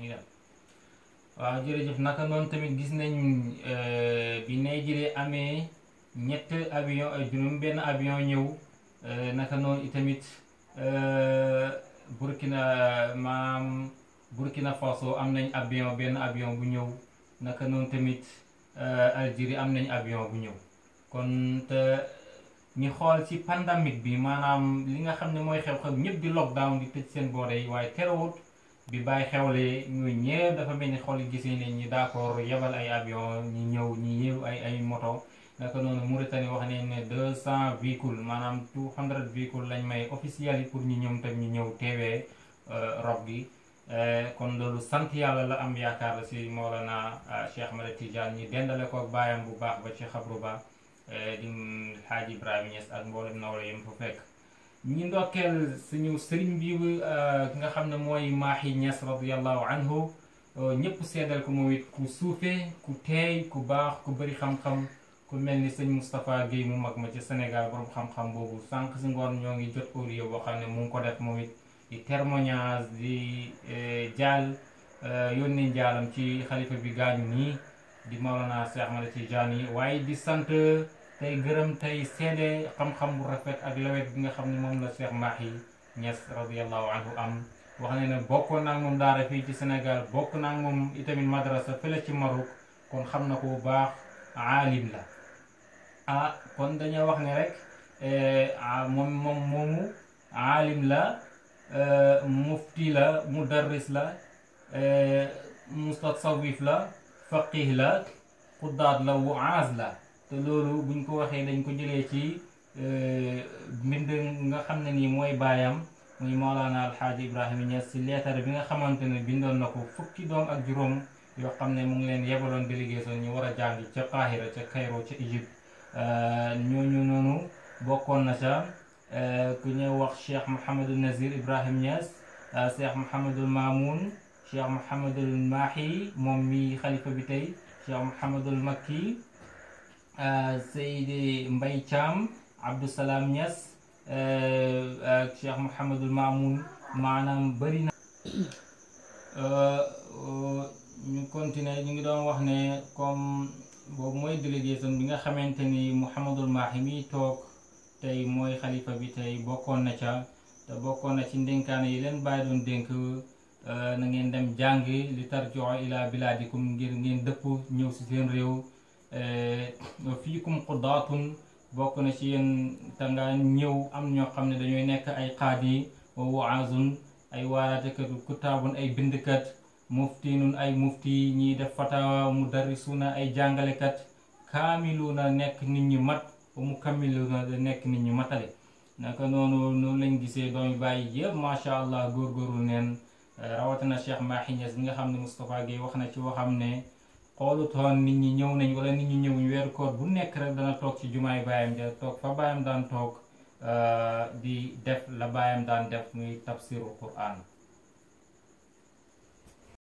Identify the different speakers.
Speaker 1: ñu dem waaw jërëjëf naka noonu tamit gis nañ euh, bi Nigeria amee ñett avion ay juróom benn avion ñëw euh, naka noonu tamit euh, Burkina maam Burkina Faso am nañ avion benn avion bu ñëw naka noonu tamit Algérie am nañ avion bu ñëw kon te ñi xool ci pandémie bi maanaam li nga xam ne mooy xew-xew ñëpp di lockdown di tëj seen boore waaye terewut bi bàyyi xewle ñooy ñëpp dafa mel ni xool gis nañ ñi d'accord yebal ay avion ñi ñëw ñi yëw ay ay moto naka noonu Mauritanie wax nañ ne deux cent véhicules maanaam two hundred véhicules lañ may officiels yi pour ñu ñoom tam ñu ñëw teewee euh, rob gi euh, kon loolu sant yàlla la am yaakaar la si Mawlana euh, Cheikh Ahmada Tidiane ñi dendale ko ak baayam bu baax ba ci xabru ba di Xaaji Ibrahima Niass ak mboolem nawla yem fu fekk ñi ndokkeel suñu sëriñ bi euh, ki nga xam ne mooy Mahi Niass radiyallahu anhu euh, ñëpp seedal ko moom it ku suufee ku teey ku baax ku bëri xam-xam ku mel ni sëñ Moustapha Guèye mu mag ma ci Sénégal borom xam-xam boobu sànq si ngoon ñoo ngi jot audio boo xam ne mu ngi ko def moom it di témoignage di euh, jaal yónnee jaalam ci xalifa bi gaañu nii di Mawlana Cheikh Ahmad Tidiane waaye di sant. tey gërëm tey seede xam-xam bu rafet ak lawet bi nga xam ne moom la Cheikh Mahi Niass radiallahu anhu am wax ne ne bokkoon naa moom daara fii ci Sénégal bokk naa moom itamit madrasa fële ci Maroc kon xam na ko baax aalim la ah, kon dañoo wax ne rek eh, ah, moom moom moomu aalim la eh, mufti la mudarris la eh, mustatsawif la faqih la quddaat la waaz la te loolu buñ ko waxee dañ ko jëlee ci euh, mbind nga xam ne nii mooy baayam muy Mawlana Alxaaji Ibrahima Niass si leetar bi nga xamante ne bindoon na fukki doom ak juróom yoo xam ne mu ngi leen yebaloon délégué soon ñu war a ca Qahira ca Cairo ca Égypte euh, ñooñu noonu bokkoon na ca euh, ku ñëw wax Cheikh Mouhamadul Nazir Ibrahim Niass Cheikh Mouhamadul Mamoun Cheikh Mouhamadul Mahi moom mi xalifa bi tey Cheikh Mouhamadul Makki Eh, Seydi Mbaye Thiam Abdou Salam Niass eh, ak Cheikh Mouhamadul Mamoun maanaam bëri na eh, ñu continuer ñu ngi doon wax ne comme boobu mooy délégation bi nga xamante ni Mouhamadul Mahi mi toog tey mooy xalifa bi tey bokkoon na ca te bokkoon na ci ndénkaane yi leen bàyyi doon dénk na ngeen dem jàng li tarjoo ila biladikum ngir ngeen dëpp ñëw si seen réew Eh, fiikum quddaatun bokk na ci yéen te nga ñëw am ñoo xam ne dañooy nekk ay qaadi wa waazun ay waaraatekat kutaabun ay bindkat muftinun ay mufti ñiy def fatawa na ay jàngalekat na nekk nit ñi mat wa mukammiluna nekk nit ñi matale naka noonu noonu lañ gisee doomi bàyyi yëpp macha allah góorgóorlu neen eh, rawatina Cheikh Mahi Niass bi nga xam ne Moustapha Guèye wax na ci waxam ne xoolutoon nit ñi ñëw nañu wala nit ñi ñëwuñ weeru koor bu nekk rek dana toog ci jumaay baayam ja toog fa baayam daan toog ah, di def la baayam daan def muy tafsiru Qur'an